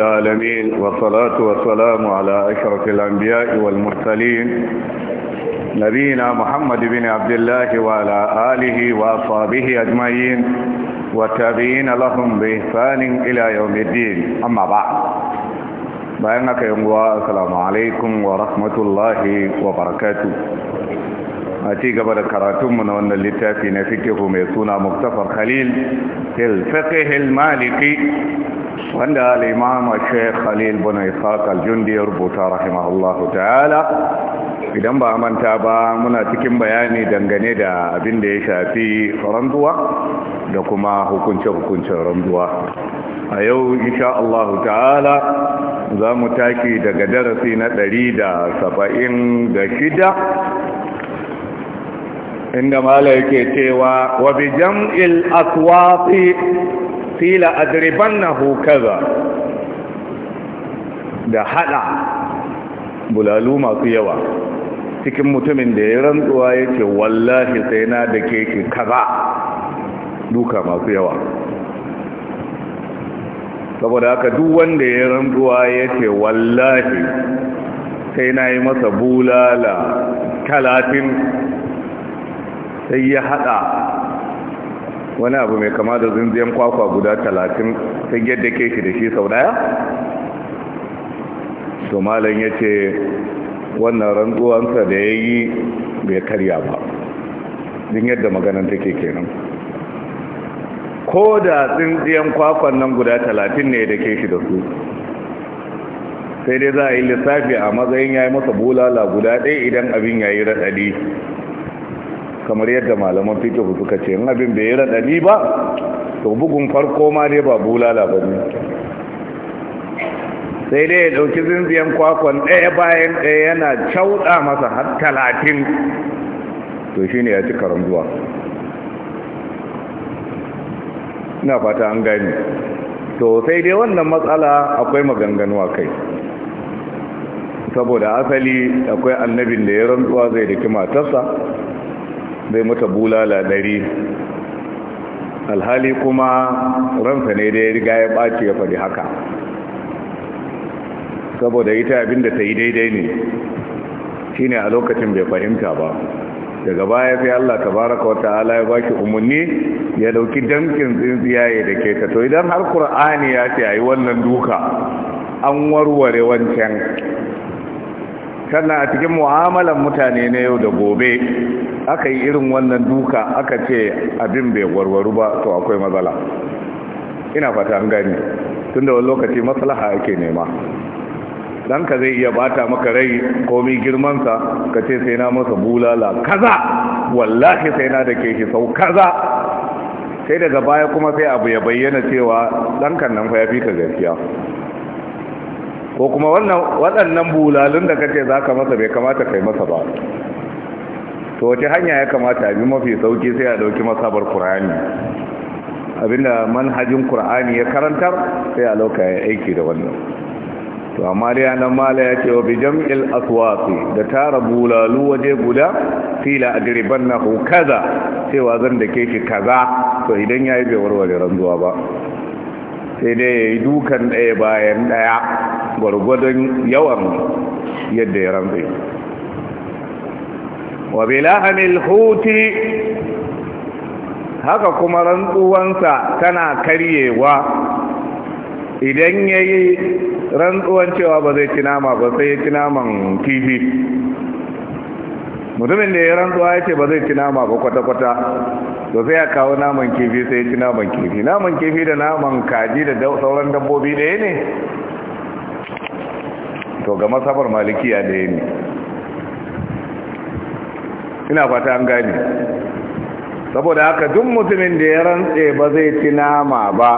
العالمين والصلاة والسلام على أشرف الأنبياء والمرسلين نبينا محمد بن عبد الله وعلى آله وأصحابه أجمعين وتابعين لهم بإحسان إلى يوم الدين أما بعد بأنك يوم السلام عليكم ورحمة الله وبركاته أتي قبل كراتم من أن اللتافي نفكه ميسونا مكتفر خليل في الفقه المالكي wanda al'imam sheikh khalil bin ishaq al-jundi ya rubuta rahimahullahu ta'ala idan ba manta ba muna cikin bayani dangane da abin da ya shafi randuwa da kuma hukunce-hukuncen randuwa a yau insha Allah ta'ala za mu taki daga darasi na ɗari da saba'in da shida inda mala yake cewa wa bi jam'il aswati qila adribannahu kaza da haɗa bulalu masu yawa cikin mutumin da ya rantsuwa ya ce wallahi sai na da keke kaza duka masu yawa saboda haka duk wanda ya rantsuwa ya ce wallahi sai na yi masa bulala talatin sai ya haɗa. wani abu mai kama da zinziyan kwakwa guda talatin ta yadda ke shi da shi sau daya to malam ya ce wannan rantsuwansa da ya yi bai karya ba din yadda maganan take kenan ko da tsintsiyan kwakwan nan guda talatin ne da ke shi da su sai dai za a yi lissafi a matsayin ya yi masa bulala guda ɗaya idan abin ya yi raɗaɗi kamar yadda malaman fikihu suka ce in abin bai yi raɗaɗi ba to bugun farko ma dai ba bulala ba ne sai dai ya ɗauki zinziyan kwakwan ɗaya bayan ɗaya yana cauɗa masa har talatin to shi ne ya ci zuwa ina fata an gani to sai dai wannan matsala akwai maganganuwa kai saboda asali akwai annabin da ya rantsuwa zai da kima matarsa zai mata bulala dari alhali kuma ransa ne da ya riga ya ɓaci ya faɗi haka saboda ita abin da ta yi daidai ne shine a lokacin bai fahimta ba daga baya sai Allah ta baraka wata ala ya baki umarni ya dauki damkin tsintsiyaye da ke ta to idan har Kur'ani ya ce a yi wannan duka an warware wancan sannan a cikin mu'amalan mutane na yau da gobe aka yi irin wannan duka aka ce abin bai warwaru ba to akwai matsala ina fata an gani tunda wani lokaci maslaha ake nema ka zai iya bata maka rai komi girmansa ka ce sai na masa bulala kaza wallahi sai na da ke shi sau kaza sai daga baya kuma sai abu ya bayyana cewa ɗankan nan fa ya fi ka gaskiya ko kuma waɗannan bulalun da ka ce za ka masa bai kamata kai masa ba to wace hanya ya kamata bi mafi sauki sai a dauki masabar qur'ani abinda manhajin qur'ani ya karanta sai a lauka ya aiki da wannan to amma dai anan mala ya ce wa bi jam'il aswaqi da tara bulalu waje guda fila ku kaza cewa zan dake shi kaza to idan yayi bai warware ranzuwa ba sai dai yayi dukan ɗaya bayan ɗaya gwargwadon yawan yadda ya rantsa wa bilahamil huti haka kuma rantsuwansa tana karyewa idan ya yi rantsuwan cewa ba zai ci nama ba sai ya ci naman kifi mutumin da ya rantsuwa ya ce ba zai ci nama ba kwata-kwata to sai ya kawo naman kifi sai ya ci naman kifi naman kifi da naman kaji da sauran dabbobi ɗaya ne to ga masabar malikiya ɗaya ne ina fata an gane saboda haka duk mutumin da ya rantse ba zai ci nama ba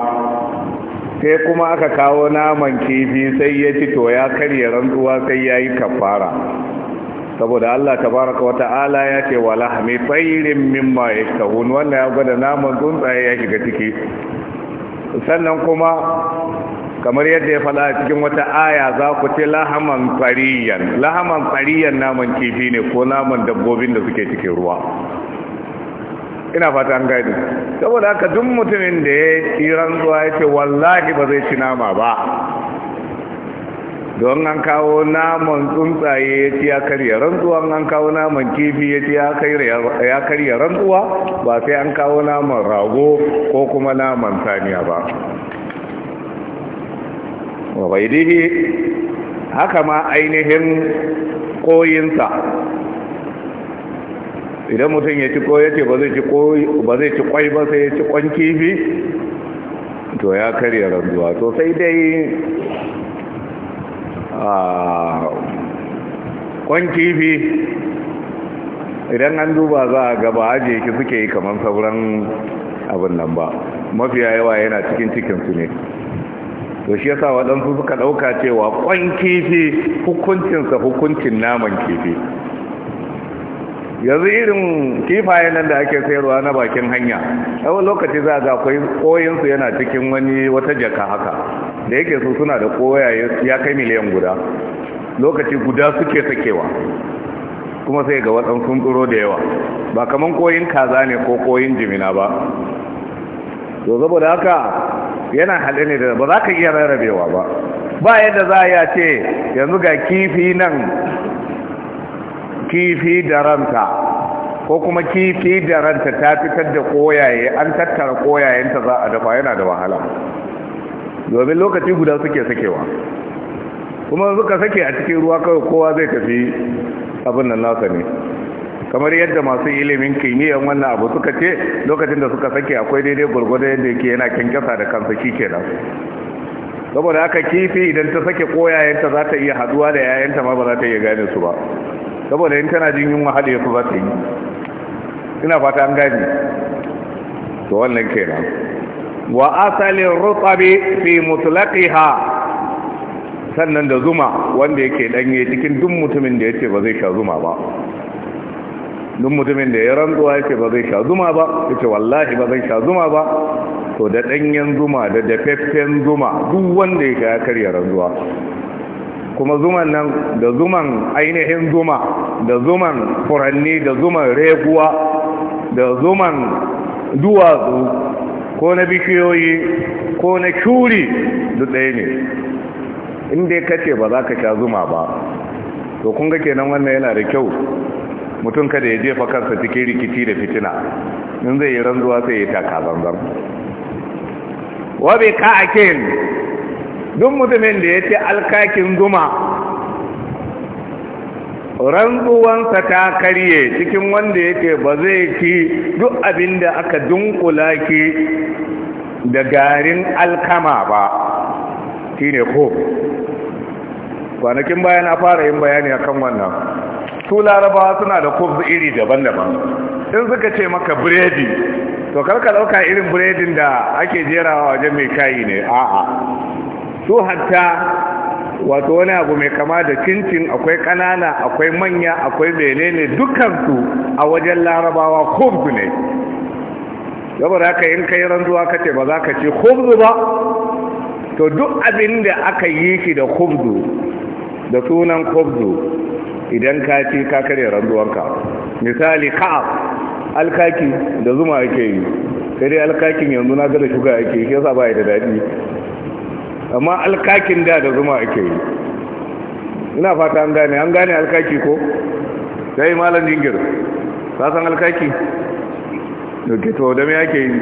sai kuma aka kawo naman kifi sai ya ci to ya karya rantsuwa sai ya yi kafara saboda Allah tabaraka wa ta'ala ya ce wala hami tsayirin mimma yaktahun wannan ya gwada naman tsuntsaye ya shiga ciki sannan kuma kamar yadda ya fada cikin wata aya za ku ce lahaman fariyan lahaman fariyan naman kifi ne ko naman dabbobin da suke cikin ruwa ina fata an saboda haka duk mutumin da ya tsiran zuwa ya ce wallahi ba zai ci nama ba don an kawo naman tsuntsaye ya ci ya karya rantsuwa an kawo naman kifi ya ci ya karya rantsuwa ba sai an kawo naman rago ko kuma naman saniya ba wa haka ma ainihin koyinsa idan mutum ya ci koya ce ba zai ci kwai ba sai ya ci kwan kifi to ya karya ranzuwa to sai dai a kwan kifi idan an duba za a gaba ajiye ki suke yi kamar sauran abin nan ba mafiya yawa yana cikin cikinsu ne to shi yasa waɗansu suka ɗauka cewa ƙwan kifi hukuncinsa hukuncin naman kifi yanzu irin kifaye nan da ake sayarwa na bakin hanya tsawon lokaci za a ga akwai koyinsu yana cikin wani wata jaka haka da yake su suna da koya ya kai miliyan guda lokaci guda suke sakewa kuma sai ga waɗansu sun tsoro da yawa ba kaman koyin kaza ne ko koyin jimina ba to saboda haka yana haɗe ne da ba za ka iya rarrabewa ba ba yadda za a ce yanzu ga kifi nan kifi da ranta ko kuma kifi da ranta ta fitar da koyaye an tattara koyayenta za a dafa yana da wahala domin lokaci guda suke sakewa kuma suka sake a cikin ruwa kawai kowa zai tafi abin nan nasa ne kamar yadda masu ilimin kimiyyar wannan abu suka ce lokacin da suka sake akwai daidai gwargwado yadda yake yana kyankyasa da kansa shi kenan saboda aka kifi idan ta sake koyayenta za ta iya haduwa da yayanta ma ba za ta iya gane su ba saboda in tana jin yunwa haɗe su za ta yi ina fata an gani to wannan kenan wa asalin rutsabi fi ha. sannan da zuma wanda yake ɗanye cikin duk mutumin da ya ce ba zai sha zuma ba duk mutumin da ya rantsuwa yake ba zai sha zuma ba yace wallahi ba zai sha zuma ba to da danyen zuma da dafaffen zuma duk wanda ya sha ya karya rantsuwa kuma zuman nan da zuman ainihin zuma da zuman furanni da zuman reguwa da zuman duwatsu ko na bishiyoyi ko na shuri duk ɗaya ne inda ya kace ba za ka sha zuma ba to kun ga kenan wannan yana da kyau mutum kada ya jefa kansa cikin rikici da fitina in zai yi ranzuwa sai ya taka zanzan wabi ka'akin duk mutumin da ya ci alkakin zuma ranzuwansa ta karye cikin wanda yake ba zai ci duk abin da aka dunkula ki da garin alkama ba shi ne ko kwanakin bayan a fara yin bayani akan wannan su larabawa suna da kofs iri daban-daban in suka ce maka biredi to karka dauka irin biredin da ake jerawa wajen mai kayi ne a'a su hatta wato wani abu mai kama da cincin akwai kanana akwai manya akwai menene dukansu a wajen larabawa kobzu ne saboda haka in kai ranzuwa ka ce ba za ka ce kobzu ba to duk abin da aka yi shi da kobzu da sunan kobzo idan ka ci ka karya ranzuwanka misali ka'ab alkaki da zuma ake yi sai alkakin yanzu na gada shuga ake yi yasa ba da daɗi amma alkakin da da zuma ake yi ina fata an gane an gane alkaki ko sai malam jingir ka san alkaki da ke to da me ake yi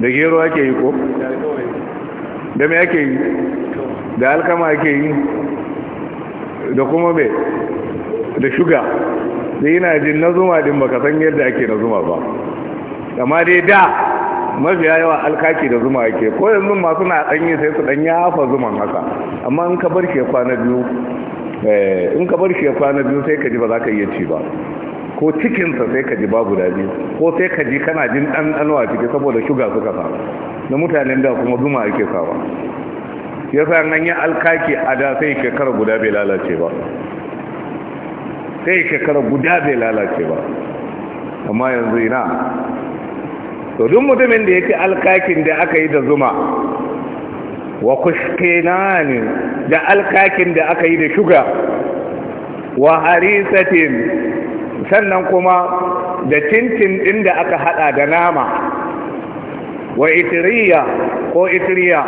da gero ake yi ko da me ake yi da alkama ake yi da kuma mai da shuga da yana jin na zuma din baka san yadda ake na zuma ba amma dai da mafiya yawa alkaki da zuma ake ko yanzu masu na danyi sai su dan yafa zuman haka amma in ka bar kwana biyu eh, in ka bar shi kwana biyu sai ka ji ba za ka iya ci ba ko cikinsa sai ka ji babu biyu, ko sai ka ji kana jin ɗanɗano ciki saboda shuga suka sa na mutanen da kuma zuma ake sawa ya sa nan ya alkaki a da sai shekara guda bai lalace ba sai shekara guda bai lalace ba amma yanzu ina to duk mutumin da ya ce alkakin da aka yi da zuma wa kushkenani da alkakin da aka yi da shuga wa harisatin sannan kuma da tintin din da aka hada da nama wa itiriya ko itiriya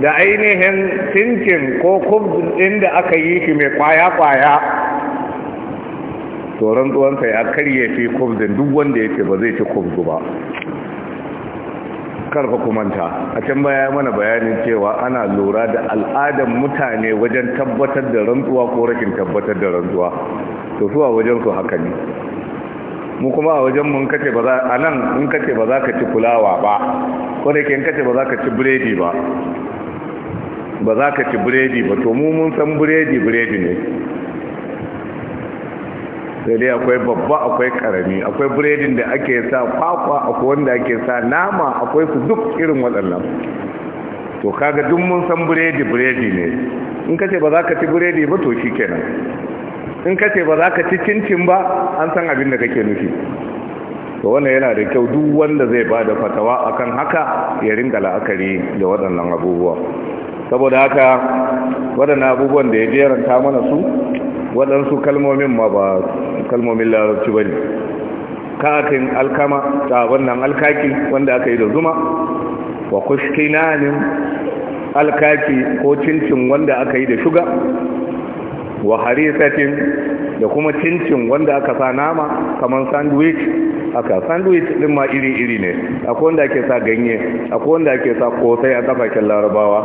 da ainihin cincin ko kubzin ɗin da aka yi shi mai kwaya-kwaya to rantsuwansa ya karye fi kubzin duk wanda ya ce ba zai ci kubzu ba karfa kumanta a can baya mana bayanin cewa ana lura da al'adar mutane wajen tabbatar da rantsuwa ko rashin tabbatar da rantsuwa to suwa wajen su haka ne mu kuma a wajen mun kace ba za a nan in kace ba za ka ci fulawa ba ko da ke in kace ba za ka ci biredi ba ba za ka ci biredi ba to mu mun san biredi biredi ne sai dai akwai babba akwai karami akwai biredin da ake sa kwakwa akwai wanda ake sa nama akwai su duk irin waɗannan to kaga duk mun san biredi biredi ne in ka ce ba za ka ci biredi ba to shi kenan in ka ce ba za ka ci cincin ba an san abin da kake nufi to wannan yana da kyau duk wanda zai ba da fatawa akan haka ya ringa la'akari da waɗannan abubuwa saboda haka waɗannan abubuwan da ya jeranta mana su waɗansu kalmomin ma ba kalmomin larabci ba ne kakin alkama ta wannan alkaki wanda aka yi da zuma wa kushkinanin alkaki ko cincin wanda aka yi da shuga wa harisatin da kuma cincin wanda aka sa nama kamar sandwich aka sandwich din ma iri-iri ne akwai wanda ake sa ganye akwai wanda ake sa kosai a kafakin larabawa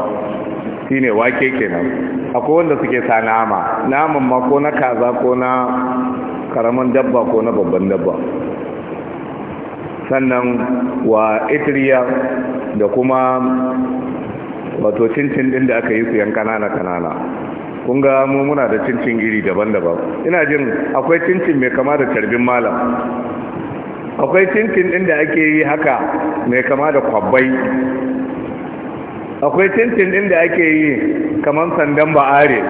ne wake kenan akwai wanda suke sa nama naman ma ko na kaza ko na karaman dabba ko na babban dabba sannan wa itiriya da kuma wato cincin din da aka yi su yan kanana kanana kun ga mu muna da cincin iri daban-daban ina jin akwai cincin mai kama da tarbin malam akwai cincin din da ake yi haka mai kama da kwabbai akwai tintin din da ake yi kamar sandan ba'are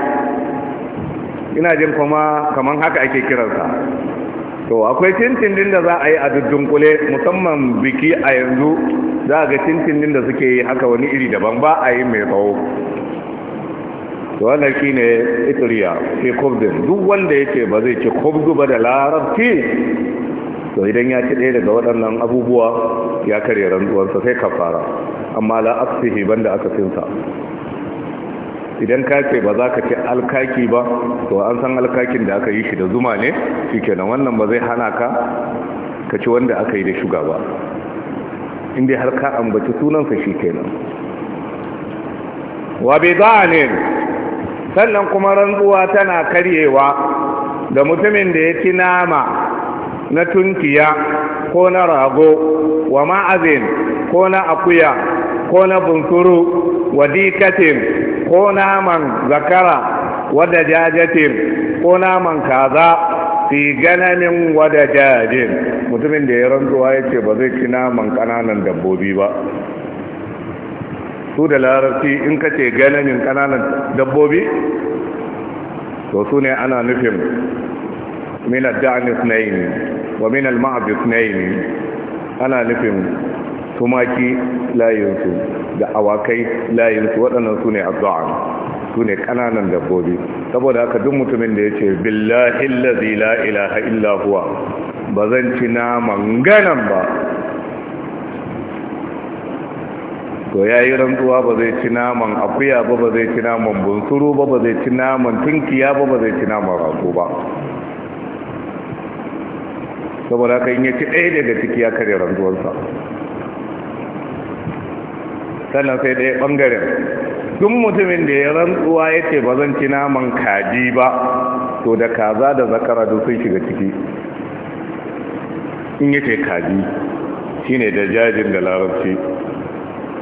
ina jin kuma kamar haka ake kiransa to akwai tintin din da za a yi a dudunkule musamman biki a yanzu za a ga tintin din da suke yi haka wani iri daban ba a yi mai tsawo wannan shi ne italiya fi kubdin duk wanda yake ba zai ci kubdu ba da larabci to idan ya ci ɗaya daga waɗannan abubuwa ya karye rantsuwarsa sai kafara amma la aksihi banda akasinsa idan ka ce ba za ka ce alkaki ba to an san alkakin da aka yi shi da zuma ne shikenan wannan ba zai hana ka ka ci wanda aka yi da shuga ba inda har ka ambaci sunansa shikenan wa ne sannan kuma rantsuwa tana karyewa da mutumin da ya ci nama na tunkiya ko na rago wa ma'azin ko na akuya ko na bunsuru wa dikatin ko naman zakara wa dajajatin ko naman kaza fi gananin wa dajajin mutumin da ya rantsuwa ya ce ba zai ci naman kananan dabbobi ba su da larabci in ka ce gananin kananan dabbobi to su ne ana nufin min ad-da'ni wa min al-ma'd ana nufin tumaki layinsu da awakai layinsu waɗannan su ne azza'an su ne ƙananan dabbobi saboda haka duk mutumin da ya ce billahi lazi la ha, illa huwa ba zan ci naman ganan ba to ya yi rantsuwa ba zai ci naman akuya ba ba zai ci naman bunsuru ba ba zai ci naman tunkiya ba ba zai ci naman rago ba saboda ka yi ya ci ɗaya daga ciki ya karya rantsuwarsa sannan sai ɗaya ɓangaren duk mutumin da ya rantsuwa ya ce ba zan ci naman kaji ba to da kaza da zakara duk sun shiga ciki in ya ce kaji shi ne da jajin da larabci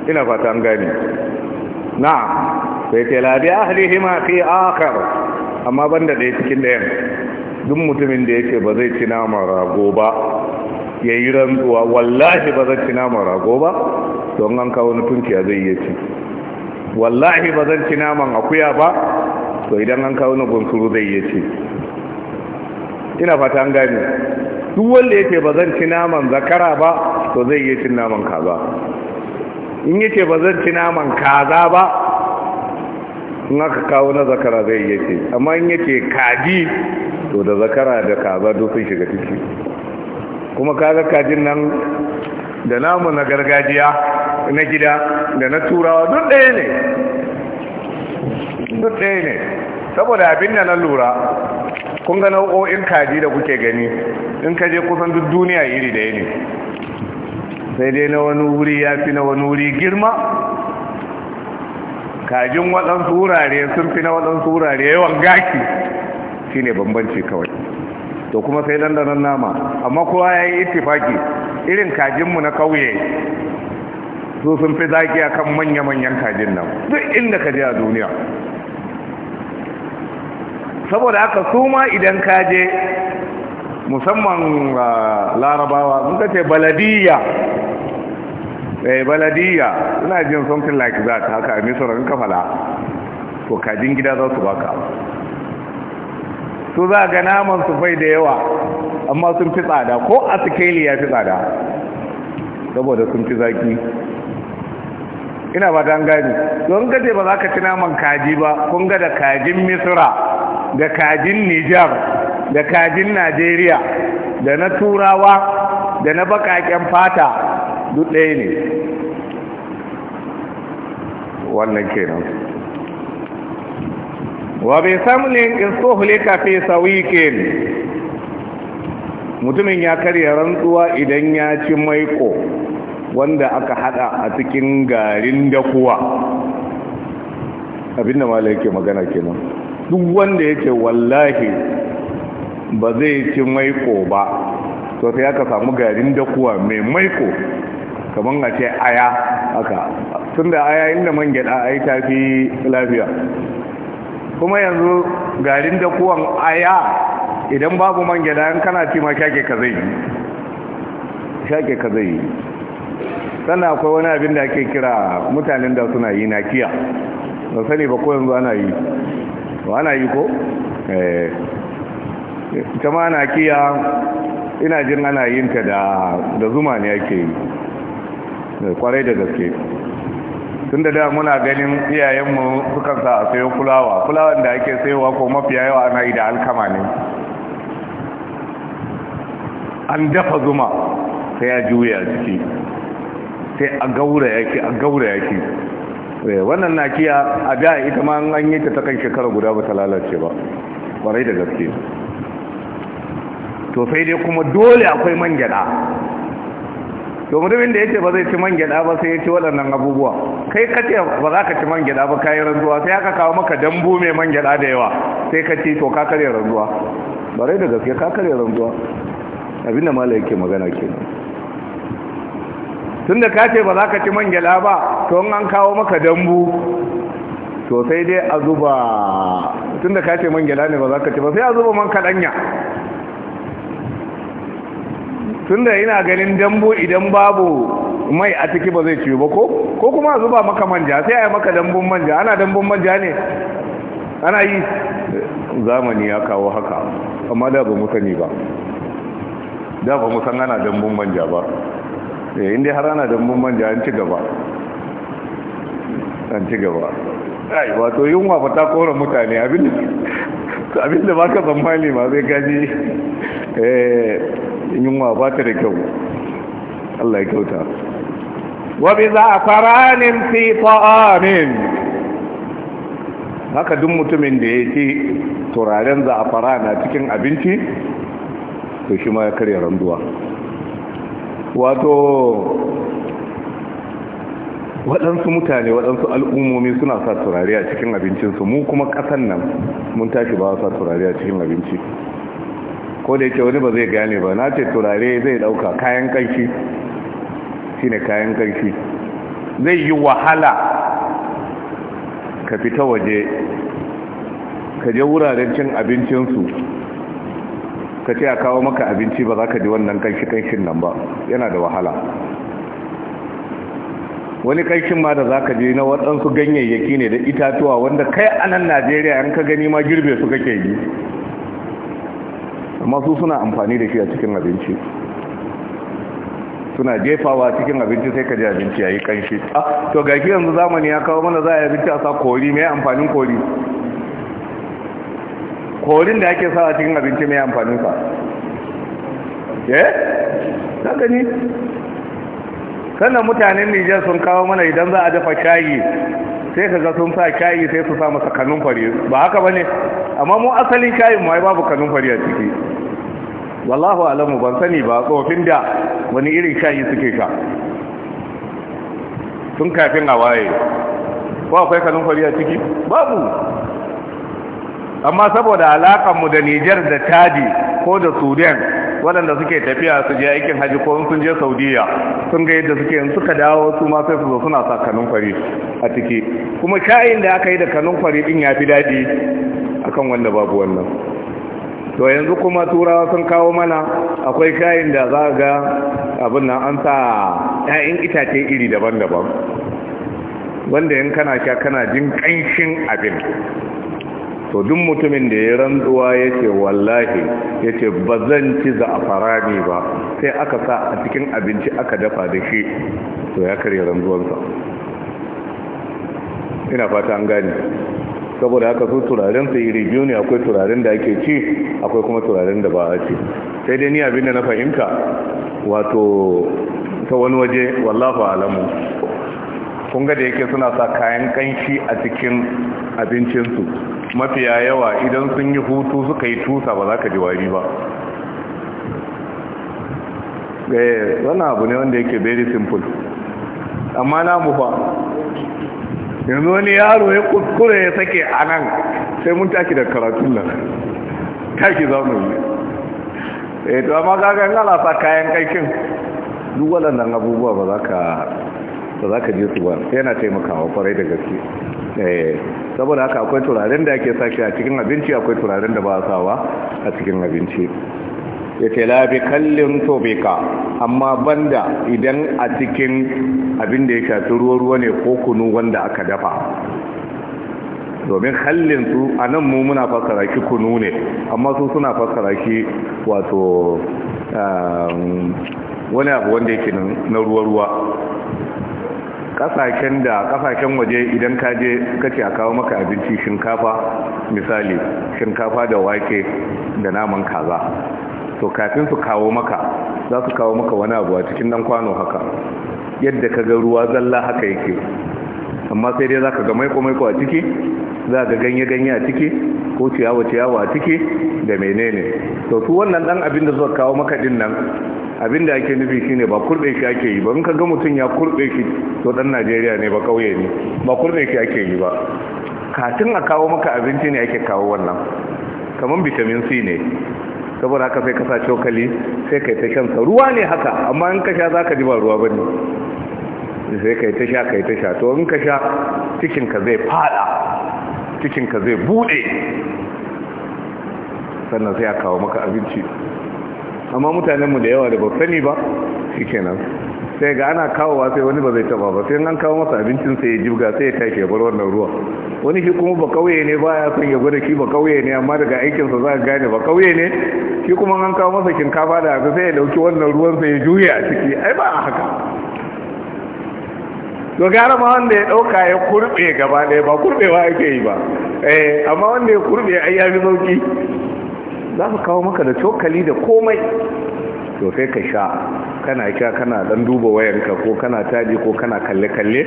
ina fata an gani na sai ke labi ahlihi ma fi akar amma banda ɗaya cikin ɗayan duk mutumin da ya ce ba zai ci naman rago ba ya yi rantsuwa wallahi ba zan ci naman rago ba don an kawo na tunkiya zai iya ci wallahi ba zan ci naman akuya ba to idan an kawo na gunsuru zai iya ci ina fata an gane duk wanda yake ba zan ci naman zakara ba to zai iya cin naman kaza in yake ba zan ci naman kaza ba in aka kawo na zakara zai iya ci amma in yake kaji to da zakara da kaza duk sun shiga ciki kuma kaga kajin nan da namu na gargajiya na gida da na turawa duk ɗaya ne duk ɗaya ne saboda abin da na lura kun ga nau'o'in kaji da kuke gani in ka je kusan duk duniya iri ɗaya ne sai dai na wani wuri ya fi na wani wuri girma kajin waɗansu wurare sun fi na waɗansu wurare yawan gaki shi ne bambanci kawai to kuma sai dandanon nama amma kowa ya yi irin kajinmu na kauye su sun fi zaki akan manya-manyan kajin nan duk inda ka je a duniya saboda haka su ma idan ka je musamman ah, larabawa sun ce baladiya eh baladiya ina jin something like that haka a misira in to kajin gida za su baka su za ga naman su fai da yawa amma sun fi tsada ko a sikeli ya fi tsada saboda sun fi zaki ina ba ta gani don gaje ba za ka ci naman kaji ba kun ga da kajin misira da kajin nijar da kajin najeriya da na turawa da na bakaken fata duk ɗaya ne wannan kenan wa bai samlin istohulika fi sawikin mutumin ya karya rantsuwa idan ya ci maiko wanda aka hada a cikin garin dakuwa abinda malai yake magana kenan duk wanda yake wallahi ba zai ci maiko ba to sai aka samu garin dakuwa mai maiko kamar a ce aya haka tun da aya inda man gyada ai tafi lafiya kuma yanzu garin dakuwan aya idan babu man gyada kana ci ma shake ka zai shake ka zai sannan akwai wani abin da ake kira mutanen da suna yi nakiya da sani ba ko yanzu ana yi ana yi ko eh. Ta ma nakiya ina jin ana yin da zuma ne ake yi da eh, kwarai da gaske tun da da muna ganin iyayenmu sukan sa a sayo fulawa fulawan da ake sayowa ko mafiya yawa ana yi da alkama ne an dafa zuma sai ya juya ciki. sai a gauraya yake a gauraya yake eh, wannan nakiya a da ita ma an yi ta kan shekara guda ba ta lalace ba kwarai da gaske to sai dai kuma dole akwai man gyada to mutumin da yace ba zai ci man gyada ba sai ya ci waɗannan abubuwa kai ka ce ba za ka ci man gyada ba kayi ranzuwa sai aka kawo maka dambu mai man gyada da yawa sai ka ci to ka karya ranzuwa kwarai da gaske ka karya ranzuwa abinda malai yake magana kenan tunda ka ce ba za ka ci man ba to an kawo maka dambu to sai dai a zuba tunda ka ce man ne ba za ka ci ba sai a zuba man kaɗanya tunda ina ganin dambu idan babu mai a ciki ba zai ci ba ko ko kuma zuba maka manja sai a yi maka dambun manja ana dambun manja ne ana yi zamani ya kawo haka amma da ba mutane sani ba da ba mu san ana dambun manja ba Eh, inda har ana dambun manja an ci gaba an ci gaba ai wato yunwa fa ta kora mutane abin da baka tsammani ma zai gaji eh yunwa ba ta da kyau Allah ya kyauta wa bi za'faranin fi ta'amin haka duk mutumin da ya ci turaren za'farana cikin abinci to shi ma ya karya randuwa wato waɗansu mutane waɗansu al'ummomi suna sa turare a cikin abincinsu mu kuma ƙasan nan mun tashi ba sa turare a cikin abinci ko da yake wani ba zai gane ba na ce turare zai ɗauka kayan ƙarfi shi ne kayan ƙarfi zai yi wahala ka fita waje ka je wuraren cin abincinsu ka ce a kawo maka abinci ba za ka ji wannan kanshi-kanshin nan ba yana da wahala wani kanshin ma da za ka ji na waɗansu ganyayyaki ne da itatuwa wanda kai a nan najeriya yan ka gani ma girbe su kake yi amma su suna amfani da shi a cikin abinci suna jefawa cikin abinci sai ka ji abinci ya yi kanshi ah, to ga yanzu zamani ya kawo mana za a yi abinci a sa kori mai amfanin kori korin da ake a cikin abinci mai amfani fa eh na gani sannan mutanen Nijar sun kawo mana idan za a dafa shayi sai ka ga sun sa shayi sai su sa masa kanun fari ba haka bane amma mu asalin shayin mu ai babu kanun fari a ciki wallahu alamu ban sani ba tsofin da wani irin shayi suke sha tun kafin a waye ko akwai kanun fari a ciki babu amma saboda mu da nijar da tadi ko da sudan waɗanda suke tafiya su je aikin haji ko sun je saudiya sun ga yadda suke in suka dawo su ma sai su zo suna sa kanun kwari a ciki kuma sha'in da aka yi da kanun ɗin din ya fi daɗi akan wanda babu wannan to yanzu kuma turawa sun kawo mana akwai shayin da za ga abin nan an sa 'ya'yan itace iri daban-daban wanda yin kana sha kana jin ƙanshin abin to duk mutumin da ya rantsuwa ya ce wallahi ya ce ba zan ci ne ba sai aka sa a cikin abinci aka dafa da shi to ya karya rantsuwansa ina fata an gani saboda haka su turaren sai iri biyu ne akwai turaren da ake ci akwai kuma turaren da ba a ci sai dai ni abin da na fahimta wato ta wani waje wallahu alamu kun da yake suna sa kayan kanshi a cikin abincinsu mafiya yawa idan sun yi hutu suka yi tusa ba za ka ji wari ba gaya eh, wannan abu ne wanda yake very simple amma na mufa yanzu wani yaro ya kuskure ya sake a nan sai mun taki da karatun nan taki za mu yi eh to amma gagan ala sa kayan kaikin duk waɗannan abubuwa ba za ka to za ka je su ba yana taimakawa kwarai da gaske eh, saboda haka akwai turaren da ake sashi a cikin abinci akwai turaren da ba a sawa a cikin abinci ya ce labi kallin tobeka amma banda idan a cikin abin da ya shafi ruwa-ruwa ne ko kunu wanda aka dafa domin hallin su a nan mu muna fasara ki kunu ne amma su suna fasara ki wato um, wani abu wanda yake na ruwa-ruwa kasashen da kasashen waje idan ka je kace a kawo maka abinci shinkafa misali shinkafa da wake da naman kaza to kafin su kawo maka za su kawo maka wani abu a cikin dan kwano haka yadda ka ga ruwa zalla haka yake amma sai dai za ka ga maiko-maiko a ciki za ga ganye-ganye a ciki ko ciyawa-ciyawa a ciki da menene to su wannan dan abin da suka kawo maka din abinda ake nufi shine ba kurbe shi ake yi ba in ka ga mutum ya kurbe shi to dan Najeriya ne ba kauye ne ba kurbe shi ake yi ba katin a kawo maka abinci ne ake kawo wannan kamar vitamin C ne saboda haka sai ka sa cokali sai kai ta shan sa ruwa ne haka amma in ka sha zaka ji ba ruwa bane sai kai ta sha kai ta sha to in ka sha cikin ka zai fada cikin ka zai bude sannan sai a kawo maka abinci amma mutanenmu da yawa da ba sani ba shi kenan sai ga ana kawowa sai wani ba zai taba ba sai an kawo masa abincin sai ya jibga sai ya tafi ya bar wannan ruwa wani shi kuma ba kauye ne ba ya son ya gwada shi ba kauye ne amma daga aikinsa za ka gane ba kauye ne shi kuma an kawo masa shinkafa da haka sai ya dauki wannan ruwan sai ya juya a ciki ai ba a haka to gara ma wanda ya dauka ya kurbe gaba ɗaya ba kurbewa yake yi ba eh amma wanda ya kurbe ai ya fi sauki za su kawo maka da cokali da komai to sai ka sha kana sha kana dan duba wayarka ko kana taji ko kana kalle-kalle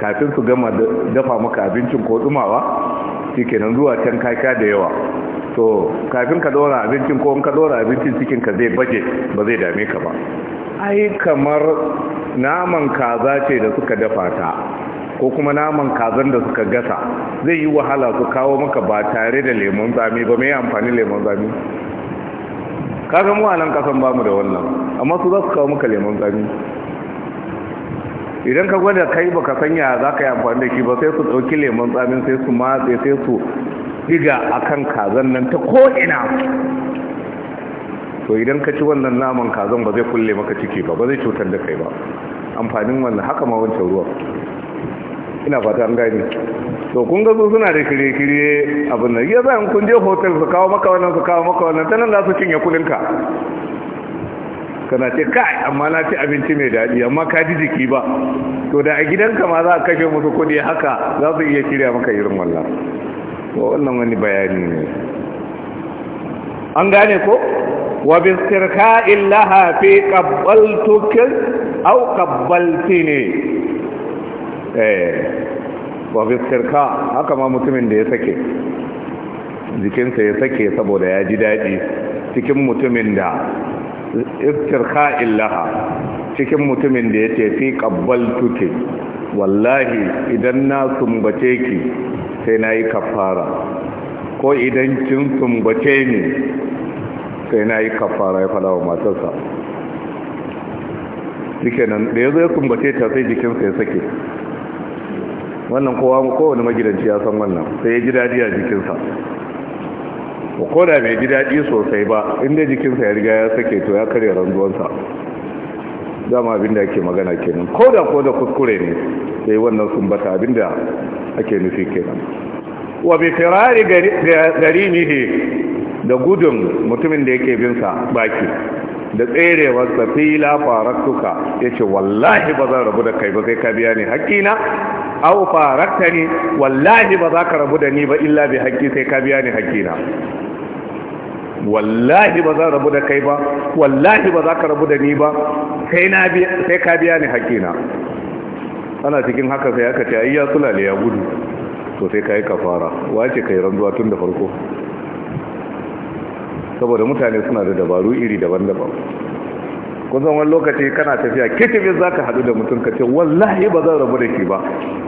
kafin su gama dafa maka abincin ko dumawa shikenan zuwa can ka sha da yawa to kafin ka dora abincin ko in ka dora abincin cikin ka zai baje ba zai dame ka ba ai kamar naman kaza ce da suka dafa ta ko kuma naman kazan da suka gasa zai yi wahala su kawo maka ba tare da lemon zami ba mai amfani lemon zami kaga mu a nan kasan ba mu da wannan amma su za su kawo maka lemon zami idan ka gwada kai ka sanya za ka yi amfani da shi ba sai su ɗauki lemon zami sai su matse sai su diga a kan kazan nan ta ko'ina to idan ka ci wannan naman kazan ba zai kulle maka ciki ba ba zai cutar da kai ba amfanin wannan haka ma wancan ruwan ina fata an gani to kun ga su suna da kire-kire abin nan ya in kun je hotel su kawo maka wannan su kawo maka wannan tanan za su cinye kudinka kana ce kai amma na ci abinci mai daɗi amma ka ji jiki ba to da a gidanka ma za a kashe musu kudi haka za su iya shirya maka irin wannan to wannan wani bayani ne an gane ko wa bi sirka illaha fi qabbaltuka aw qabbaltini Eh, wa bisirka haka ma mutumin da ya sake jikinsa ya sake saboda ya ji daɗi cikin mutumin da istirka illaha cikin mutumin da ya ce fi ƙabbal tuke wallahi idan na sumbace ki sai na yi kafara ko idan kin sumbace ni sai na yi kafara ya fada wa matarsa shikenan da ya zo ya sumbace ta sai jikinsa ya sake wannan kowa kowane magidanci ya san wannan sai ya ji daɗi a jikinsa ko da mai ji daɗi sosai ba inda jikinsa ya riga ya sake to ya karya ranzuwansa dama abinda ake magana kenan ko da ko da kuskure ne sai wannan sumbata abinda ake nufi kenan wa bi firari mihi da gudun mutumin da yake binsa baki da tsere tserewar fila faraktuka yace wallahi ba zan rabu da kai ba sai ka biya ni hakina aw faraktani wallahi ba za ka rabu da ni ba illa bi haqqi sai ka biya ni na, wallahi ba za rabu da kai ba wallahi ba za ka rabu da ni ba sai na sai ka biya ni na. ana cikin haka sai aka ce ayya sulale ya gudu to sai kai kafara wace kai ranzuwa tun da farko saboda mutane suna da dabaru iri daban-daban kusan wani lokaci kana tafiya kitimin za ka haɗu da mutum ka ce wallahi ba zan rabu da shi ba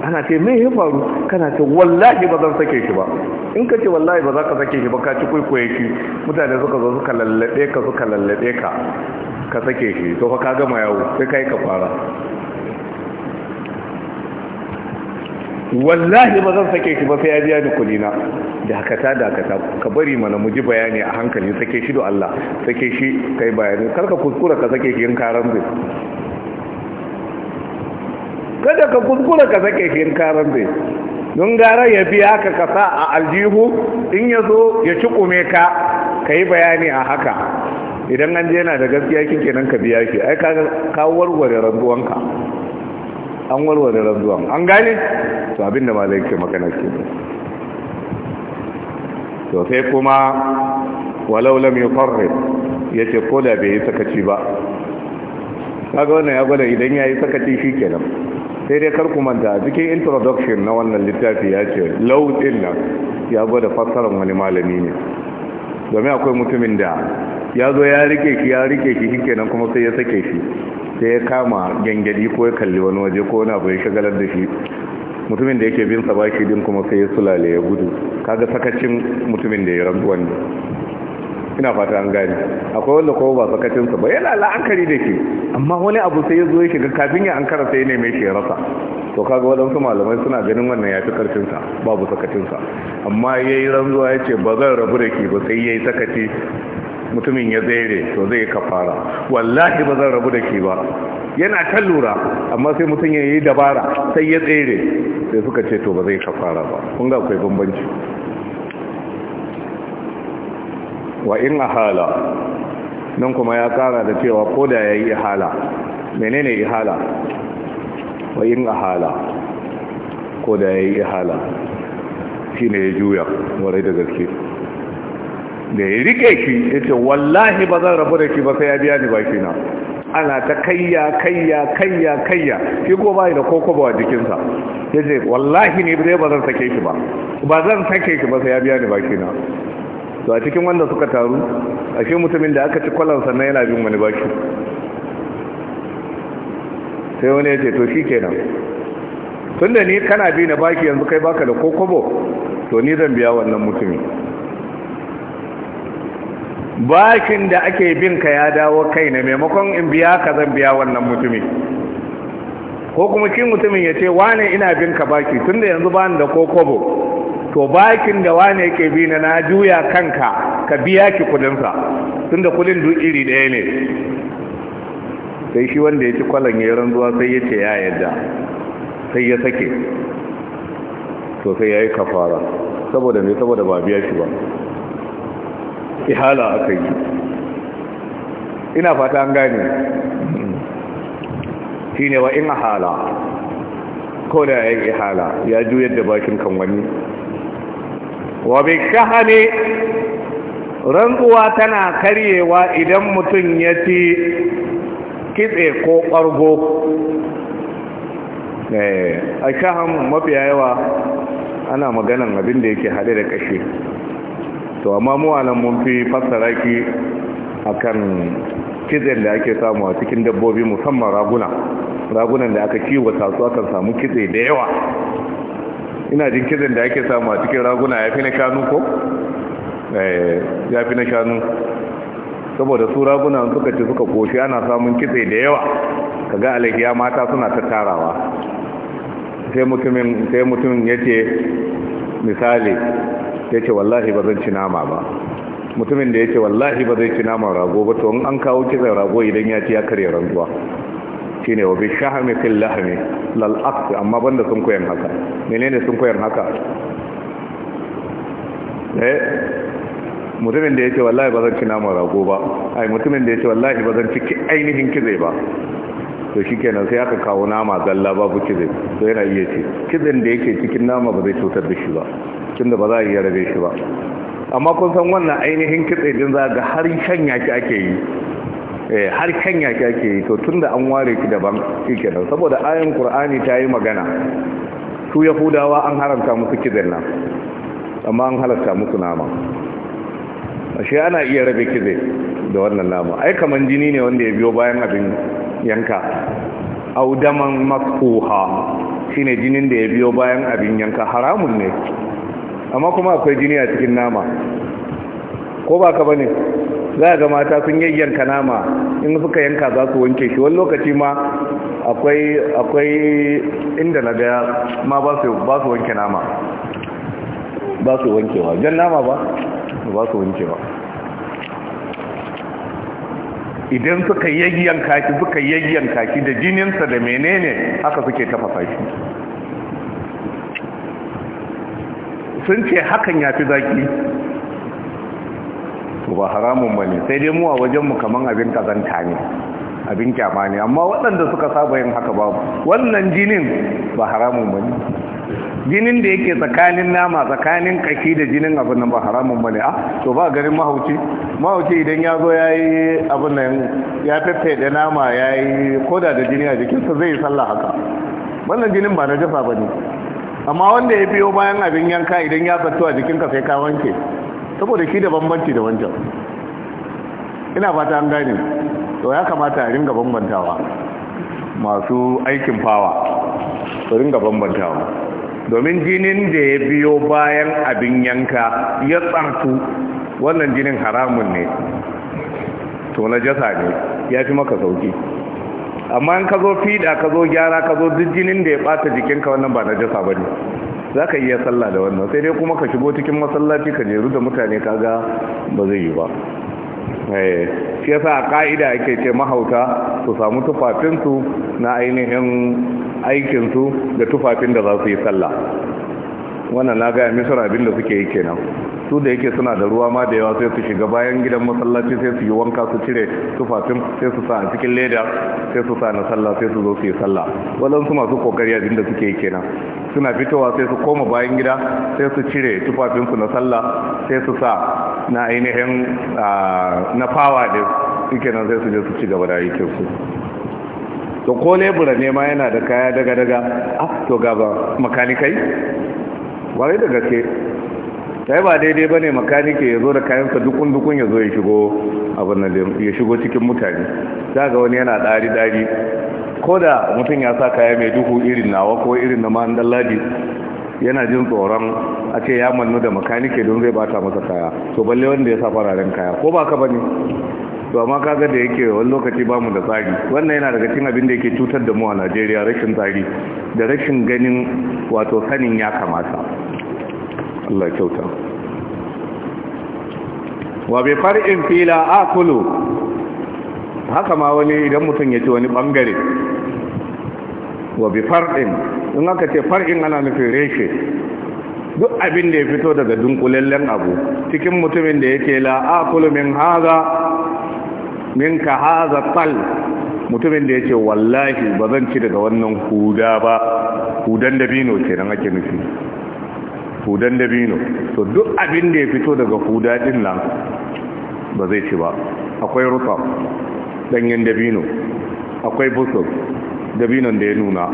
ana ce me ya faru kana ce wallahi ba zan sake shi ba in ka ce wallahi ba za ka sake shi ba ka ci kwaikwaye ki mutane suka zo suka lallaɓe ka suka lallaɓe ka ka sake shi to fa ka gama yawo sai ka yi ka fara wallahi ba zan sake shi ba sai ya biya ni kudina dakata dakata ka bari mana mu ji bayani a hankali sake shi da Allah sake shi kai bayani kar ka kuskura ka sake shi in karan bai kada ka kuskura ka sake shi in karan bai don gara ya biya ka kasa a aljihu in ya zo ya ci kume ka ka yi bayani a haka idan an je yana da gaskiya kike nan ka biya shi ai ka warware randuwanka. an warware ranzuwan an gane to abinda ma zai ke magana ke to sai kuma walau lam Ya yace ko da bai yi sakaci ba kaga wannan ya gwada idan yayi sakaci shikenan sai dai kar ku manta cikin introduction na wannan littafi ya ce law din nan ya gwada fassarar wani malami ne domin akwai mutumin da ya zo ya rike shi ya rike shi shikenan kuma sai ya sake shi sai ya kama gangadi ko ya kalli wani waje ko wani abu ya shagalar da shi mutumin da yake bin sa baki din kuma sai ya sulale ya gudu kaga sakacin mutumin da ya rabu wani ina fata an gani akwai wanda kuma ba sakacin sa ba yana la'akari da shi amma wani abu sai ya zo ya shiga kafin ya kara sai ne mai shi ya rasa to kaga waɗansu malamai suna ganin wannan ya fi karfin sa babu sakacin sa amma yayi rantsuwa ya ce ba zan rabu da ki ba sai yayi sakaci mutumin ya tsere to zai kafara wallahi ba zan rabu da ke ba yana kan lura amma sai mutum ya yi dabara sai ya tsere sai suka ce to ba zai kafara ba kun ga akwai bambanci wa in ahala nan kuma ya kara da cewa ko da ya yi ihala menene ihala wa in ahala ko da ya yi ihala shi ne ya juya warai da gaske da ya rike shi ya ce wallahi ba zan rabu da shi ba sai ya biya ni ba shi na ana ta kayya kayya kayya kayya shi ko bai da koko ba jikinsa ya ce wallahi ne ba zan sake shi ba ba zan sake shi ba sai ya biya ni ba shi na to a cikin wanda suka taru a shi mutumin da aka ci kwalan na yana bin wani baki sai wani ya ce to shi kenan tunda ni kana bi na baki yanzu kai baka da kokobo to ni zan biya wannan mutumin Bakin da ake bin ka ya dawo kai na maimakon in biya ka zan biya wannan mutumin ko kuma kin mutumin ya ce wane ina bin ka baki tun da yanzu bani da kokobo to bakin da wane yake bi na na juya kanka ka biya ki kudinsa tun da kudin duk iri ɗaya ne sai shi wanda ya ci kwalan ya ranzuwa sai ya ce ya yadda sai ya sake to sai ya yi kafara saboda ne saboda ba biya shi ba ihala aka yi ina fata an gane shi ne wa in hala ko da ya yi ihala ya juyar da bakin kan wani wa bai ne rantsuwa tana karyewa idan mutum ya ci kitse ko ɓargo eh, a shahan mafiya yawa ana maganan abin da yake haɗe da ƙashe to amma mu anan mun fi fassara ki akan kitsen da ake samu a cikin dabbobi musamman raguna ragunan da aka ta su akan samu kitse da yawa ina jin kitsen da ake samu a cikin raguna ya fi na shanu ko eh, ya fi na shanu saboda su raguna suka ce suka koshi ana samun kitse da yawa kaga alaihiya mata suna ta tarawa sai mutumin ya ce misali ya ce wallahi ba zan ci nama ba mutumin da ya ce wallahi ba zai ci naman rago ba to an kawo kitsan rago idan ya ci ya karya rantsuwa shi ne wabi shahami fil lahami lal'aks amma banda sun koyar haka ne sun koyar haka eh mutumin da ya ce wallahi ba zan ci naman rago ba ai mutumin da ya ce wallahi ba zan ci ainihin kitse ba to shi kenan sai aka kawo nama zalla babu kitse to yana iya ce kitsen da yake cikin nama ba zai cutar da shi ba tunda ba za a iya rabe shi ba amma kun san wannan ainihin kitse din za ga har shanya yaki ake yi eh, har shanya yaki ake yi to tunda an ware ki daban shi nan saboda ayan qur'ani ta yi magana su yahudawa an haramta musu kitsen nan amma an halarta musu nama ashe ana iya rabe kitse da wannan nama ai kaman jini ne wanda ya biyo bayan abin yanka audaman makuha shine jinin da ya biyo bayan abin yanka haramun ne amma kuma akwai jini a cikin nama ko ba ka bane za ga mata sun yayyanka nama in suka yanka za su wanke shi wani lokaci ma akwai akwai inda na ga ma ba su ba su wanke nama ba su wankewa jan nama ba ba su wankewa idan suka yayyanka shi suka yayyanka shi da jininsa da menene haka suke tafasa shi sun ce hakan ya fi zaki to ba haramun ba ne sai dai mu a wajenmu kaman abin kazanta ne abin kyama ne amma waɗanda suka saba yin haka babu wannan jinin ba haramun ba ne jinin da yake tsakanin nama tsakanin kaki da jinin abin nan ba haramun ba ne a ah, to ba garin mahauci mahauci idan ya zo ya yi abin nan ya da nama ya yi koda da jini a jikinsa zai yi sallah haka wannan jinin ba na jafa ba ne amma wanda ya biyo bayan abin yanka idan ya zattu a jikinka sai ka wanke saboda shi da bambanci da wancan ina fata an gane to ya kamata a ringa bambantawa masu aikin fawa su ringa bambantawa domin jinin da ya biyo bayan abin yanka ya tsarku wannan jinin haramun ne to na jasa ne ya fi maka sauki amma in ka zo fiɗa ka zo gyara ka zo duk jinin da ya ɓata jikinka wannan ba na jasa ba ne za ka iya sallah da wannan sai dai kuma ka shigo cikin masallaci ka jeru da mutane ka ga ba zai yi ba eh, shi yasa a ka'ida ake ce mahauta su samu tufafinsu na ainihin aikinsu da tufafin da za su yi sallah wannan na gaya misir abin da suke yi kenan su da yake suna da ruwa ma da yawa sai su shiga bayan gidan masallaci sai su yi wanka su cire tufafin sai su sa a cikin leda sai su sa na sallah sai su zo su yi sallah su masu kokari abin da suke kenan suna fitowa sai su koma bayan gida sai su cire tufafinsu na sallah sai su sa na ainihin na fawa din suke nan sai su je su ci gaba da aikinsu to ko lebura ne ma yana da kaya daga daga ah, to to gaba makanikai ware daga ke? sai ba daidai bane makanike ya zo da kayansa dukun dukun ya zo ya shigo abin nan ya shigo cikin mutane za ga wani yana dari dari ko da mutum ya sa kaya mai duhu irin nawa ko irin na ma'andan ladi yana jin tsoron a ce ya mannu da makanike don zai bata masa kaya to balle wanda ya sa fararen kaya ko ba ka bane to amma kaga da yake wani lokaci bamu da tsari wannan yana daga cikin abin da yake cutar da mu a Najeriya rashin tsari da rashin ganin wato sanin ya kamata Allah kyauta wa bai far'in fila akulu haka ma wani idan mutum ya ci wani bangare wa bi far'in in aka ce far'in ana nufin reshe duk abin da ya fito daga dunkulallen abu cikin mutumin da yake la akulu min haza min ka haza tal mutumin da yake wallahi ba zan ci daga wannan huda ba hudan dabino kenan ake nufi fudan dabino to duk abin da ya fito daga huda din nan ba zai ci ba akwai rufa danyen dabino akwai busur dabinon da ya nuna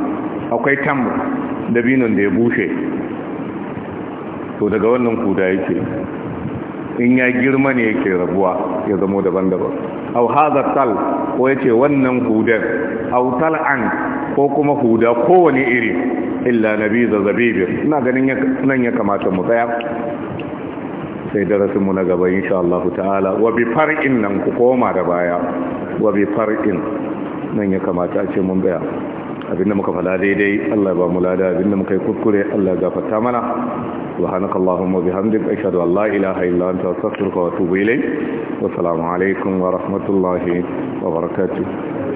akwai tamur dabinon da ya bushe to daga wannan huda yake in ya girma ne yake rabuwa ya zamo daban-daban aw hadha tal ko yace wannan hudar aw an ko kuma huda kowane iri illa nabiza zabibi ina ganin nan ya kamata mu tsaya sai darasin mu na gaba insha Allah ta'ala wa bi far'in nan ku koma da baya wa bi far'in nan ya kamata a ce mun tsaya abinda muka fada daidai Allah ba mu lada abinda muka yi kuskure Allah gafarta mana subhanaka allahumma bihamdik ashhadu an la ilaha illa anta astaghfiruka wa atubu ilayk wa assalamu alaikum wa rahmatullahi wa barakatuh